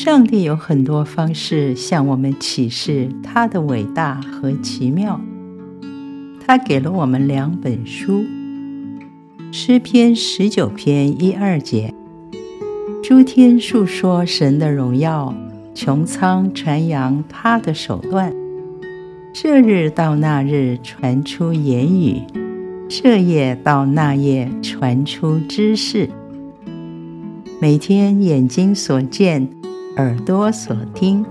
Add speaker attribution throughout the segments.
Speaker 1: 上帝有很多方式向我們啟示他的偉大和奇妙。他給了我們兩本書，《詩篇》十九篇一二節，諸天述說神的榮耀，穹蒼傳揚他的手段。這日到那日傳出言語，這夜到那夜傳出知識。每天眼睛所見。耳朵所聽，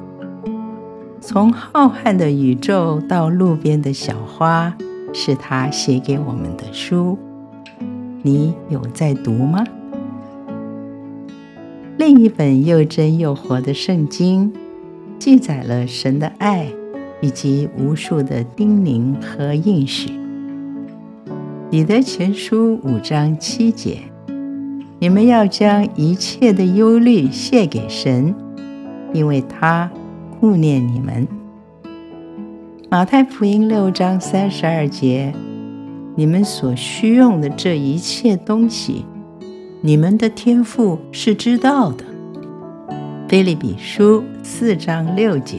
Speaker 1: 從浩瀚的宇宙到路邊的小花，是他寫給我們的書。你有在讀嗎？另一本又真又活的聖經，記載了神的愛以及無數的叮嚀和應許。彼得前書五章七節，你們要將一切的憂慮卸給神。因為他顧念你們，《馬太福音》六章三十二節，你們所需用的這一切東西，你們的天父是知道的。《腓立比書》四章六節，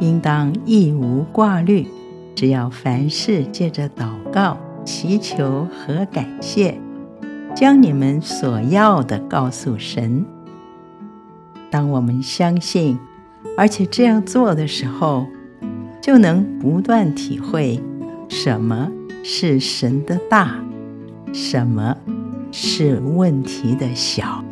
Speaker 1: 應當一無掛慮，只要凡事借着禱告、祈求和感謝，將你們所要的告訴神。當我們相信，而且這樣做的時候，就能不斷體會什麼是神的大，什麼是問題的小。